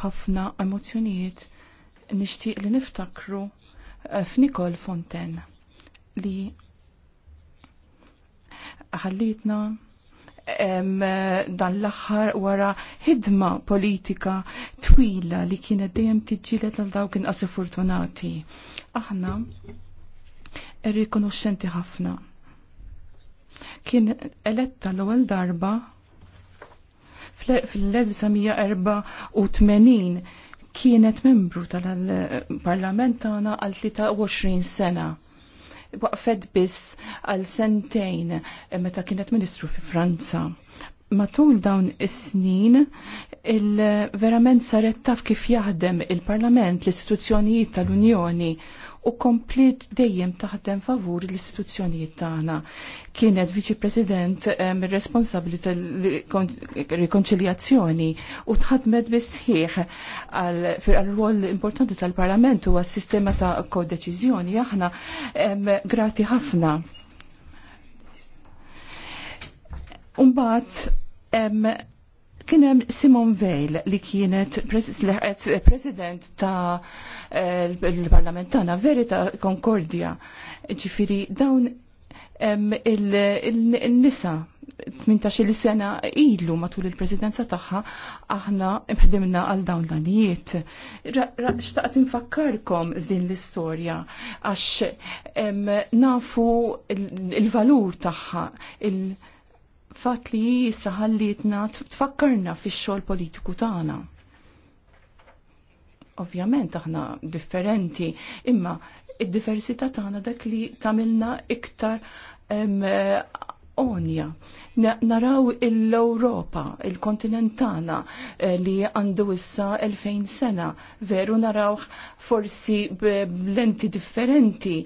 b'ħafna emozjonijiet nixtieq li niftakru eh, f'Nikol Fonten li ħallitna dan l-aħħar wara ħidma politika twila li kienet dejjem tiġġieled għal dawk inqas fortunati. Aħna irrikonoxxenti ħafna. Kien eletta l-ewwel darba fl-1984 kienet membru tal-parlament tagħna għal 23 sena. Waqfet biss għal sentejn meta kienet ministru fi Franza. Matul dawn is-snin il-verament saret taf kif jaħdem il-Parlament, l-istituzzjonijiet tal-Unjoni u komplit dejjem taħdem favur l-istituzzjonijiet tagħna. Kienet viċi president um, ehm, responsabli tal-rikonċiljazzjoni u tħadmet bisħieħ għal rwol importanti tal-Parlament u għas-sistema ta' kodeċiżjoni aħna ehm, grati ħafna. Umbat, Kienem Simon Veil li kienet president ta' eh, l-parlament tana Verita Concordia. Ġifiri, dawn il-nisa 18 sena ilu matul il-presidenza tagħha aħna imħdimna għal dawn l-anijiet. Xtaqt infakkarkom f'din l-istorja għax nafu il-valur tagħha il-, -il fatt li jissa ħallitna tfakkarna fix-xogħol politiku tagħna. Ovvjament aħna differenti, imma id-diversità tagħna dak li tamilna iktar onja. Naraw l-Europa, il-kontinentana eh, li għandu issa 2000 sena, veru naraw forsi b'lenti differenti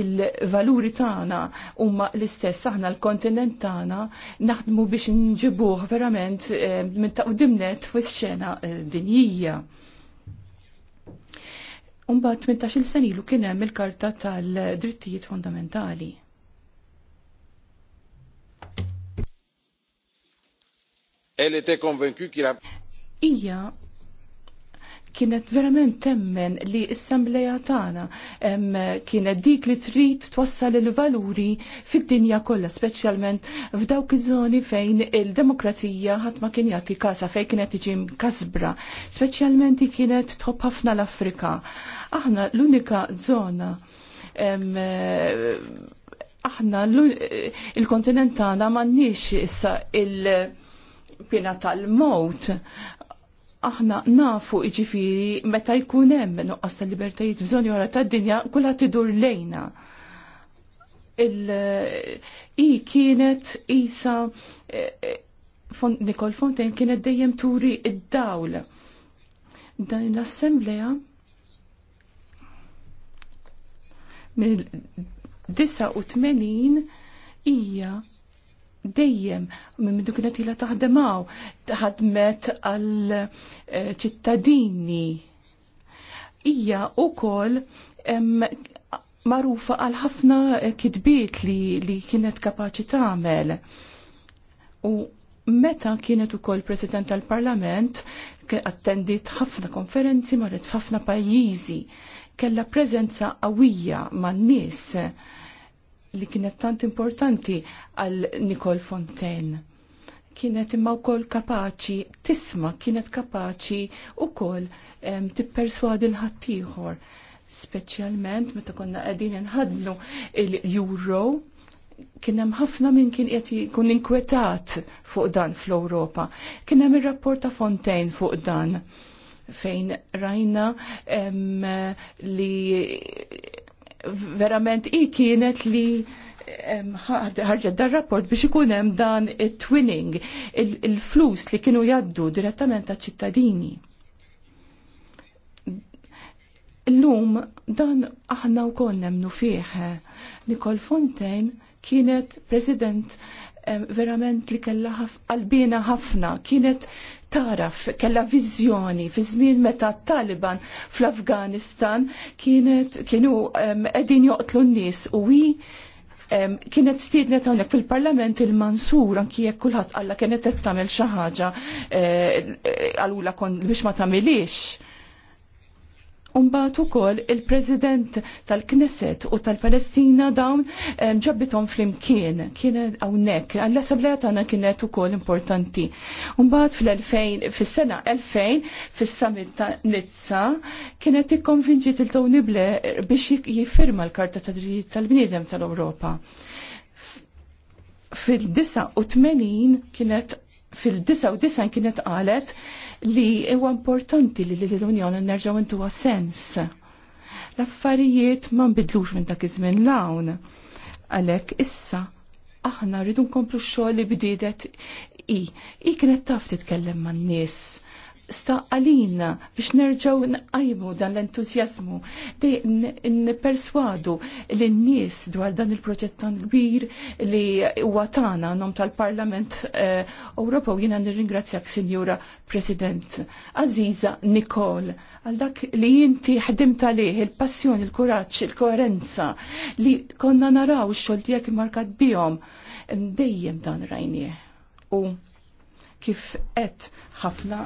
il-valuri tagħna huma l-istess aħna l kontinentana naħdmu biex nġibuħ verament eh, minn taqdimnet fis-xena eh, dinjija. Umbat 18 senilu kien hemm il-Karta tal-Drittijiet Fundamentali. Elle était convaincue qu'il a... Ija kienet verament temmen li s-sambleja tagħna kienet dik li trid twassal il-valuri fid-dinja kollha, speċjalment f'dawk iż-żoni fejn il-demokrazija ħadd ma kien jagħti kasa fejn kienet tiġi kasbra, speċjalment kienet tħobb ħafna l-Afrika. Aħna l-unika żona aħna l-kontinent tagħna m'għandniex issa il- pjena tal-mot, aħna nafu iġifiri meta jkun hemm nuqqas tal-libertajiet f'żoni wara tad-dinja kulla tidur lejna. I kienet isa eh, Nicole Fontaine kienet dejjem turi id-dawl. Dan l-assembleja mill-89 hija dejjem minn dik qed ilha taħdemaw ħadmet għal eh, ċittadini hija wkoll marufa għal ħafna eh, kidbiet li, li kienet kapaċi tagħmel. U meta kienet ukoll President tal-Parlament attendit ħafna konferenzi marret ħafna pajjiżi kellha preżenza qawwija man-nies li kienet tant importanti għal Nicole Fontaine. Kienet imma wkoll kapaċi tisma, kienet kapaċi wkoll tipperswadi l-ħaddieħor. Speċjalment meta konna qegħdin inħadnu l-euro kien hemm ħafna min kien qed jkun inkwetat fuq dan fl-Ewropa. Kien hemm ir-rapport ta' Fontaine fuq dan fejn rajna li verament i kienet li ħarġet dar rapport biex ikun hemm dan it-twinning, il-flus li kienu jaddu direttament ta' ċittadini. L-lum dan aħna wkoll nemnu fih. Nicole Fontaine kienet president verament li kella qalbina ħafna, kienet taraf kella viżjoni fi żmien meta Taliban fl-Afganistan kienet kienu qegħdin joqtlu n-nies u hi kienet stiednet hawnhekk fil-Parlament il-Mansur anki jekk kulħadd alla kienet qed tagħmel xi ħaġa eh, eh, għalula kon biex ma tagħmilix. Umbat ukoll il-President tal-Knesset u tal-Palestina dawn ġabbitom fl-imkien, kien għawnek, għall assemblea tagħna kienet ukoll importanti. Umbat fl-2000, fis-sena 2000, fis-summit ta' Nizza, kienet ikkonvinġiet il-Tony Blair biex jiffirma l-Karta ta' Drijiet tal-Bniedem tal-Ewropa. Fil-89 kienet fil-99 kienet qalet li huwa importanti li l-Unjoni nerġaw intu sens. L-affarijiet ma nbidlux minn dak iż-żmien l-hawn. Għalhekk issa aħna rridu nkomplu x-xogħol li bdiedet i. I kienet taf titkellem man-nies Staqalina biex nerġaw nqajmu dan l-entuzjazmu, n-perswadu l-nies dwar dan il-proġett tan kbir li huwa tagħna nom tal-Parlament eh, Ewropew jiena nirringrazzjak Sinjura President Aziza Nikol għal dak li inti ħdimt għalih il-passjoni, il-kuraġġ, il-koerenza li konna naraw x-xogħol tiegħek markat bihom dejjem dan rajnie U kif qed ħafna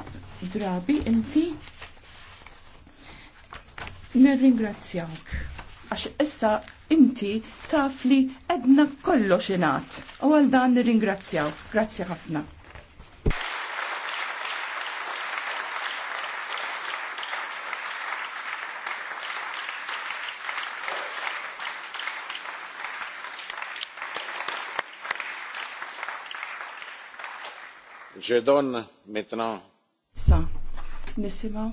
drabi inti nirringrazzjak għax issa inti taf li edna kollox inat u għal dan nirringrazzjaw. Grazzi ħafna. Je donne maintenant. Sa, nisimaw.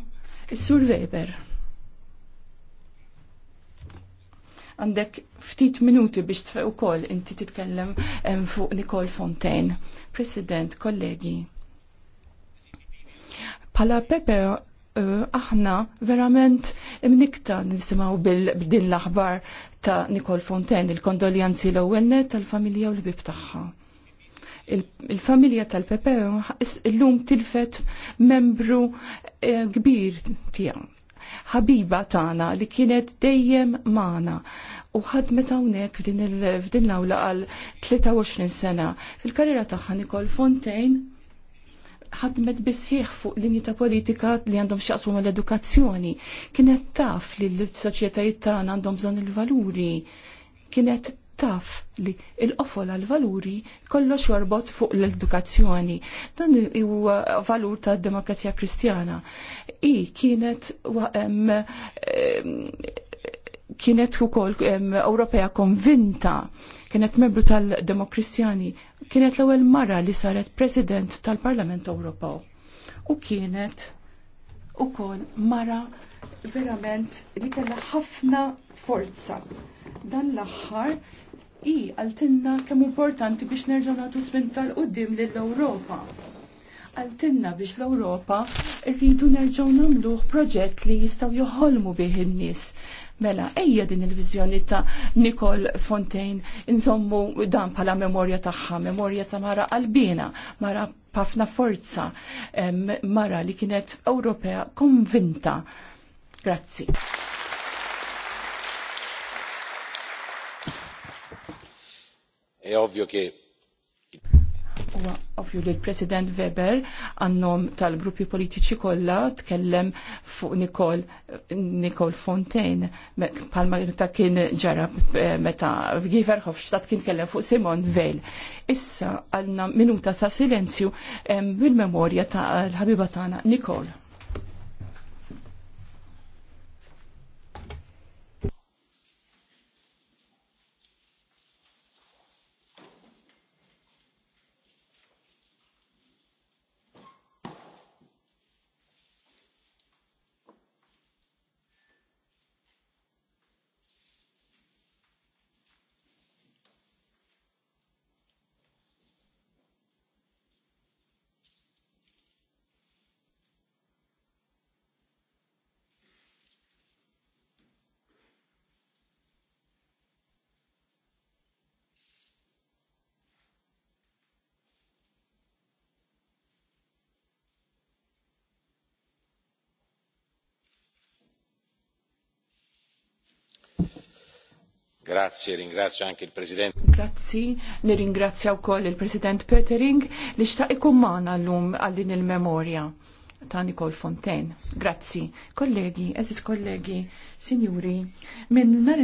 Is-Sur Weber. Għandek ftit minuti biex tfeq ukoll inti titkellem fuq Nicole Fontaine. President, kollegi. Pala Pepe eh, aħna verament imnikta nisimaw bil-din l-aħbar ta' Nicole Fontaine, il-kondoljanzi l-ewwelnet tal-familja u l-bib tagħha il-familja tal l illum tilfet membru eh, kbir tijaw. Ħabiba tagħna li kienet dejjem mana. u ħadmet hawnhekk f'din l-awla għal 23 sena. Fil-karriera tagħha Nicole Fontain ħadmet bisħiħ fuq linji ta' politika li għandhom xaqsmu mal edukazzjoni Kienet taf li l-soċjetajiet tagħna għandhom bżonn il-valuri. Kienet taf li il-qofol għal-valuri kollox jorbot fuq l-edukazzjoni. Dan huwa valur ta' demokrazija kristjana. I kienet em, kienet ukoll Ewropea konvinta, kienet membru tal-Demokristjani, kienet l-ewwel mara li saret President tal-Parlament Ewropew. U kienet ukoll mara verament li kellha ħafna forza. Dan l-aħħar i għaltinna kemm importanti biex nerġgħu nagħtu spinta l qudiem lill-Ewropa. Għaltinna biex l-Ewropa rridu nerġgħu nagħmluh proġett li jistgħu joħolmu bih in-nies. Mela, ejja din il-vizjoni ta' Nicole Fontaine, nżommu dan pala memorja taħħa, memorja ta' mara qalbina, mara pafna forza, mara li kienet Ewropea konvinta. Grazzi. ovvio che Huwa ovvju li l-President Weber għannom tal-gruppi politiċi kollha tkellem fuq Nikol Nikol Fontaine palma ta' kien ġara eh, meta Giverhof xtat kien tkellem fuq Simon Veil. Issa għalna minuta sa' silenzju bil-memorja ta' l-ħabiba tagħna Nikol. Grazie, ringrazio anche il Presidente. Grazzi, nirringrazzja wkoll il-President Petering li xtaq ikun magħna llum għal din il-memorja ta' Nicole Fontaine. Grazzi, kollegi, eżis kollegi, sinjuri, minn